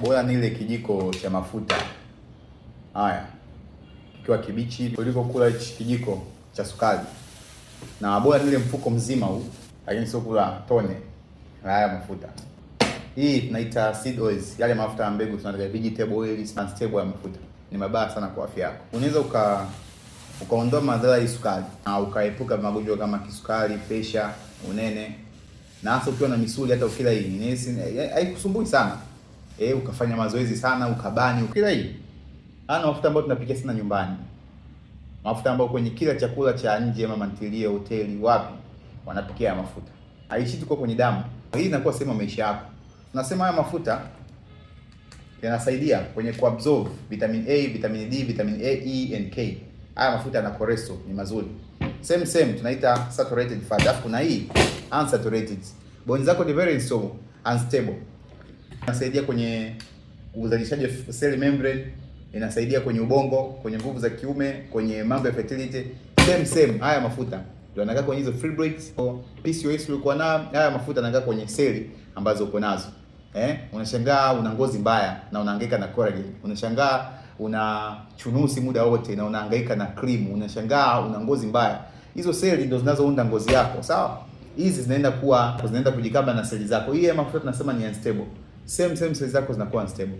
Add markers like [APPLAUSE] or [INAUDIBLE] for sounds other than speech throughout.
Bora nile kijiko cha mafuta haya kiwa kibichi kuliko kula kijiko cha sukari, na bora nile mfuko mzima huu, lakini sio kula tone la haya mafuta. Hii tunaita seed oils, yale mafuta ya mbegu, tunataka vegetable oil, stable ya mafuta ni mabaya sana kwa afya yako. Unaweza uka ukaondoa madhara ya sukari na ukaepuka magonjwa kama kisukari, presha, unene na hasa ukiwa na misuli. Hata ukila hii haikusumbui sana eh, ukafanya mazoezi sana, ukabani, kila hiyo. Ana mafuta ambayo tunapikia sana nyumbani. Mafuta ambayo kwenye kila chakula cha nje ama mantilia, hoteli, wapi wanapikia mafuta. Haishi tu kwenye damu. Hii inakuwa sema maisha yako. Tunasema haya mafuta yanasaidia kwenye kuabsorb vitamin A, vitamin D, vitamin A, E and K. Haya mafuta yana koreso, ni mazuri. Same same tunaita saturated fat. Alafu kuna hii unsaturated. Bonds zako ni very so unstable. Inasaidia kwenye uzalishaji wa cell membrane, inasaidia kwenye ubongo, kwenye nguvu za kiume, kwenye mambo ya fertility. Same same haya mafuta ndio anakaa kwenye hizo fibroids au PCOS ulikuwa na haya mafuta anakaa kwenye seli ambazo uko nazo. Eh, unashangaa una ngozi mbaya na unahangaika na collagen. Unashangaa una chunusi muda wote na unahangaika na cream. Unashangaa una ngozi mbaya. Hizo seli ndio zinazounda ngozi yako, sawa? Hizi zinaenda kuwa zinaenda kujikaba na seli zako. Hii mafuta tunasema ni unstable same same seli zako zinakuwa unstable.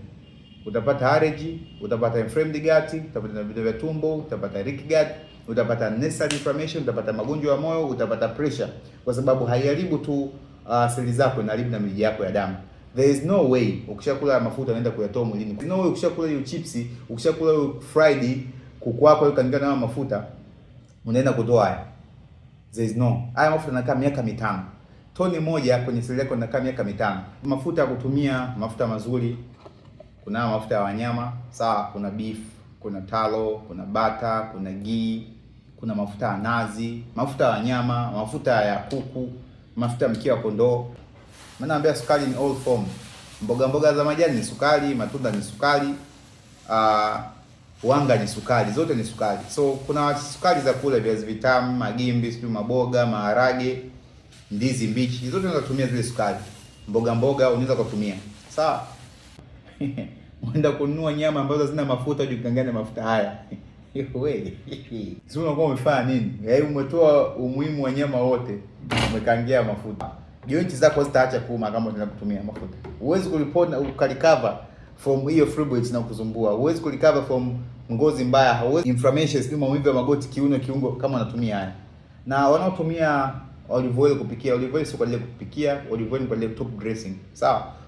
Utapata hemorrhage, utapata inflamed gut, utapata vidonda vya tumbo, utapata leaky gut, utapata nasal inflammation, utapata magonjwa ya moyo, utapata pressure, kwa sababu haiharibu tu uh, seli zako, inaharibu na mirija yako ya damu. There is no way ukishakula mafuta unaenda kuyatoa mwilini. There is no way ukishakula hiyo chips, ukishakula hiyo fried kuku wako hiyo kaanga na mafuta unaenda kutoa haya. There is no. Haya mafuta yanakaa miaka mitano toni moja kwenye seli yako inakaa miaka mitano. Mafuta ya kutumia, mafuta mazuri, kuna mafuta ya wanyama sawa, kuna beef, kuna talo, kuna bata, kuna ghee, kuna mafuta ya nazi, mafuta ya wanyama, mafuta ya kuku, mafuta ya mkia wa kondoo. Maana naambia sukari ni all form. Mboga mboga za majani ni sukari, matunda ni sukari, uh, wanga ni sukari, zote ni sukari. So kuna sukari za kula, viazi vitamu, magimbi, sijui maboga, maharage ndizi mbichi, hizo unaweza kutumia zile sukari. Mboga mboga unaweza kutumia sawa. [LAUGHS] Unaenda kununua nyama ambazo hazina mafuta, ujikanganya mafuta haya [LAUGHS] wewe [LAUGHS] sio, unakuwa umefanya nini? Yaani umetoa umuhimu wa nyama wote, umekangia mafuta. Joint zako zitaacha kuuma kama utaanza kutumia mafuta. Huwezi kuripoti na ukarecover from hiyo fibroids na kuzumbua. Huwezi kulikava from ngozi mbaya, hauwezi inflammation, sio maumivu ya magoti, kiuno, kiungo kama unatumia haya. Na wanaotumia olive oil kupikia. Olive oil sio kwa ajili ya kupikia, olive oil ni kwa ajili ya top dressing. Sawa?